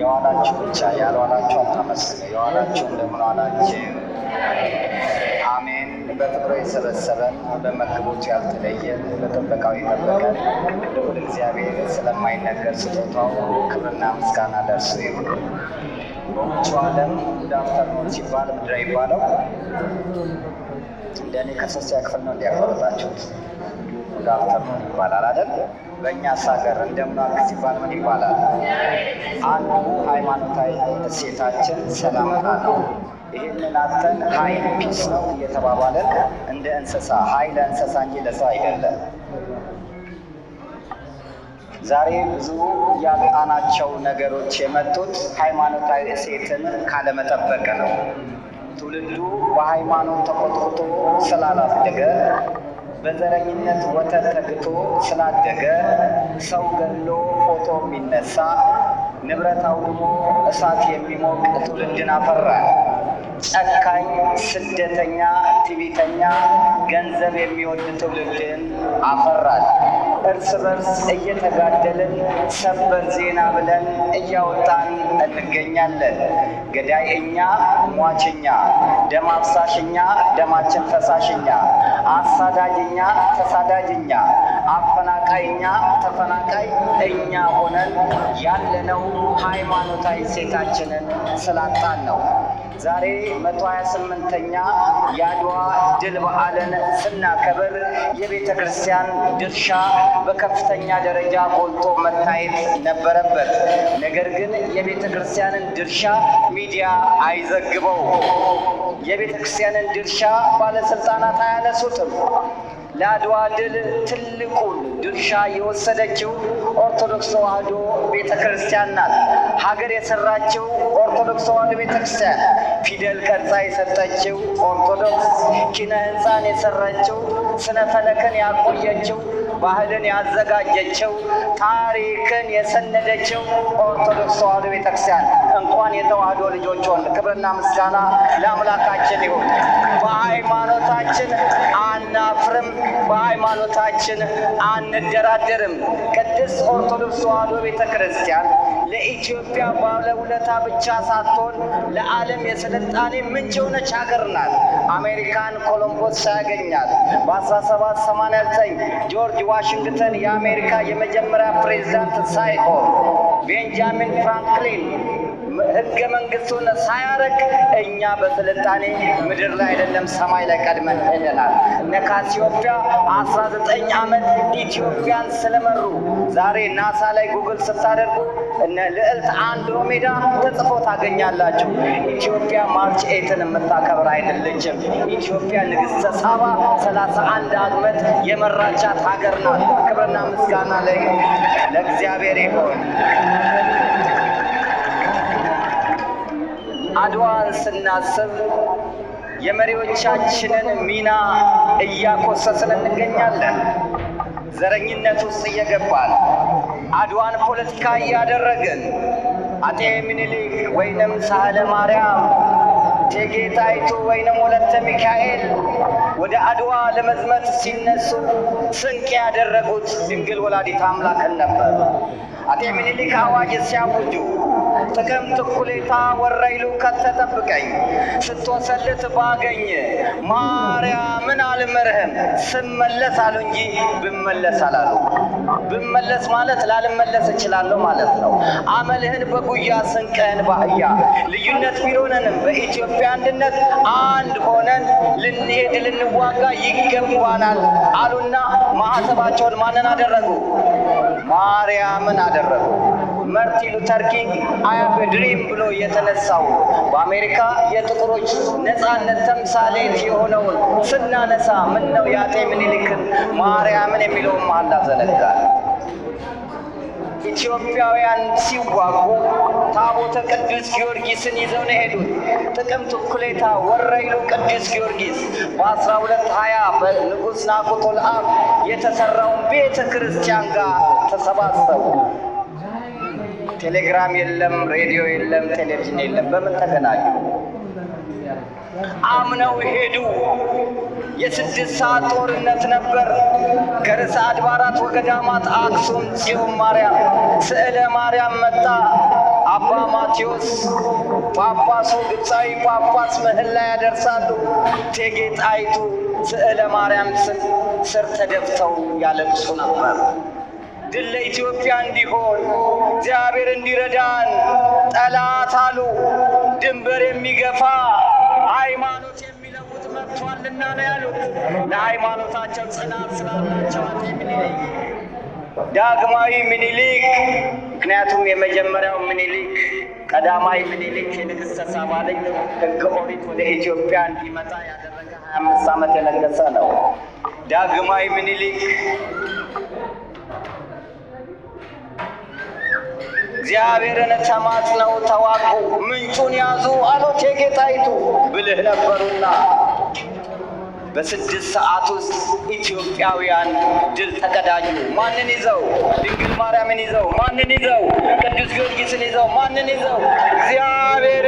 የዋላችሁ ብቻ ያልዋላችሁ አታመስሉ፣ የዋላችሁ እንደምን ዋላችሁ። አሜን። በፍቅሩ የሰበሰበን በመክቦቱ ያልተለየን በጥበቃው የጠበቀን ልዑል እግዚአብሔር ስለማይነገር ስጦታው ክብርና ምስጋና ደርሶ ይሁን። በውጭ ዓለም ዳፍተርኖት ሲባል ምድር ይባለው እንደኔ ከሶስት ክፍል ነው እንዲያቋረጣችሁት ዳክተር ምን ይባላል አይደል? በእኛስ ሀገር እንደምን ዋልክ ሲባል ምን ይባላል? አንዱ ሃይማኖታዊ እሴታችን ሰላምታ ነው። ይህንን አተን ሀይል ፒስ ነው እየተባባለን እንደ እንስሳ ሀይ ለእንስሳ እንጂ ለሰው አይደለም። ዛሬ ብዙ ያጣናቸው ነገሮች የመጡት ሃይማኖታዊ እሴትን ካለመጠበቅ ነው። ትውልዱ በሃይማኖት ተቆጥቁጦ ስላላደገ በዘረኝነት ወተት ተግቶ ስላደገ ሰው ገሎ ፎቶ የሚነሳ ንብረት አውድሞ እሳት የሚሞቅ ትውልድን አፈራ። ጨካኝ፣ ስደተኛ፣ ትዕቢተኛ፣ ገንዘብ የሚወድ ትውልድን አፈራል። እርስ በርስ እየተጋደልን ሰበር ዜና ብለን እያወጣን እንገኛለን። ገዳይ እኛ ሟችኛ፣ ደም አፍሳሽኛ፣ ደማችን ፈሳሽኛ፣ አሳዳጅኛ፣ ተሳዳጅኛ አፈናቃይኛ ተፈናቃይ እኛ ሆነን ያለነው ሃይማኖታዊ ሴታችንን ስላጣን ነው። ዛሬ መቶ ሀያ ስምንተኛ የአድዋ ድል በዓልን ስናከብር የቤተ ክርስቲያን ድርሻ በከፍተኛ ደረጃ ጎልቶ መታየት ነበረበት። ነገር ግን የቤተ ክርስቲያንን ድርሻ ሚዲያ አይዘግበው። የቤተ ክርስቲያንን ድርሻ ባለስልጣናት አያነሱትም። ለአድዋ ድል ትልቁን ድርሻ የወሰደችው ኦርቶዶክስ ተዋህዶ ቤተ ክርስቲያን ናት። ሀገር የሰራችው ኦርቶዶክስ ተዋህዶ ቤተ ክርስቲያን፣ ፊደል ቀርጻ የሰጠችው ኦርቶዶክስ፣ ኪነ ህንፃን የሰራችው፣ ስነ ፈለክን ያቆየችው፣ ባህልን ያዘጋጀችው፣ ታሪክን የሰነደችው ኦርቶዶክስ ተዋሕዶ ቤተ ክርስቲያን እንኳን የተዋህዶ ልጆች ሆን። ክብርና ምስጋና ለአምላካችን ይሁን። በሃይማኖታችን አናፍርም፣ በሃይማኖታችን አንደራደርም። ቅድስት ኦርቶዶክስ ተዋህዶ ቤተ ክርስቲያን ለኢትዮጵያ ባለውለታ ብቻ ሳትሆን ለዓለም የስልጣኔ ምንጭ የሆነች ሀገር ናት። አሜሪካን ኮሎምቦስ ሳያገኛት በ1789 ጆርጅ ዋሽንግተን የአሜሪካ የመጀመሪያ ፕሬዚዳንት ሳይሆን ቤንጃሚን ፍራንክሊን ህገ መንግስቱን ሳያረቅ እኛ በስልጣኔ ምድር ላይ አይደለም ሰማይ ላይ ቀድመን ሄደናል። እነ ካሲዮጵያ አስራ ዘጠኝ ዓመት ኢትዮጵያን ስለመሩ ዛሬ ናሳ ላይ ጉግል ስታደርጉ እነ ልዕልት አንድሮሜዳ ተጽፎ ታገኛላችሁ። ኢትዮጵያ ማርች ኤትን የምታከብር አይደለችም። ኢትዮጵያ ንግሥተ ሳባ ሰላሳ አንድ ዓመት የመራቻት ሀገር ናት። ክብርና ምስጋና ለእግዚአብሔር ይሆን። አድዋን ስናስብ የመሪዎቻችንን ሚና እያኮሰስን እንገኛለን። ዘረኝነት ውስጥ እየገባን አድዋን ፖለቲካ እያደረግን አጤ ምኒልክ ወይንም ሳህለ ማርያም፣ እቴጌ ጣይቱ ወይንም ወለተ ሚካኤል ወደ አድዋ ለመዝመት ሲነሱ ስንቅ ያደረጉት ድንግል ወላዲት አምላክን ነበር። አጤ ምኒልክ አዋጅ ሲያውጁ ጥቅምት እኩሌታ ወረይሉ ከተጠብቀኝ ስትወሰልት ባገኝ ማርያምን አልምርህም ስመለስ አሉ እንጂ ብመለስ አላሉ። ብመለስ ማለት ላልመለስ እችላለሁ ማለት ነው። አመልህን በጉያ ስንቅህን ባህያ ልዩነት ቢኖረንም በኢትዮጵያ አንድነት አንድ ሆነን ልንሄድ ልንዋጋ ይገባናል አሉና ማዕተባቸውን ማንን አደረጉ? ማርያምን አደረጉ። መርቲን ሉተር ኪንግ አይ ሃቭ ኤ ድሪም ብሎ የተነሳው በአሜሪካ የጥቁሮች ነጻነት ተምሳሌት የሆነውን ስናነሳ ምን ነው የአጤ ምኒልክን ማርያምን የሚለውን መሐላ ዘነጋል። ኢትዮጵያውያን ሲዋጉ ታቦተ ቅዱስ ጊዮርጊስን ይዘው ነው የሄዱት። ጥቅምት እኩሌታ ወረይሉ ቅዱስ ጊዮርጊስ በአስራ ሁለት ሀያ በንጉሥ ናኩቶ ለአብ የተሰራውን ቤተ ክርስቲያን ጋር ተሰባሰቡ። ቴሌግራም የለም፣ ሬዲዮ የለም፣ ቴሌቪዥን የለም። በምን ተገናኙ? አምነው ሄዱ። የስድስት ሰዓት ጦርነት ነበር። ከርዕሰ አድባራት ወገዳማት አክሱም ጽዮን ማርያም ስዕለ ማርያም መጣ። አባ ማቴዎስ ጳጳሱ ግብፃዊ ጳጳስ ላይ ያደርሳሉ። እቴጌ ጣይቱ ስዕለ ማርያም ስር ተደፍተው ያለቅሱ ነበር። ድል ለኢትዮጵያ እንዲሆን እግዚአብሔር እንዲረዳን ጠላት አሉ ድንበር የሚገፋ ሃይማኖት የሚለውጥ መጥቷልና ነው ያሉት። ለሃይማኖታቸው ጽናት ስላላቸው ምኒልክ ዳግማዊ ምኒልክ ምክንያቱም የመጀመሪያው ምኒልክ ቀዳማዊ ምኒልክ የንግሥተ ሳባ ልጅ ሕገ ኦሪት ወደ ኢትዮጵያ እንዲመጣ ያደረገ ሀያ አምስት ዓመት የነገሰ ነው ዳግማዊ ምኒልክ እግዚአብሔርን ተማጽነው ተዋጉ፣ ምንጩን ያዙ አሉት የጌጣይቱ ብልህ ነበሩና። በስድስት ሰዓት ውስጥ ኢትዮጵያውያን ድል ተቀዳጁ። ማንን ይዘው? ድንግል ማርያምን ይዘው። ማንን ይዘው? ቅዱስ ጊዮርጊስን ይዘው። ማንን ይዘው? እግዚአብሔር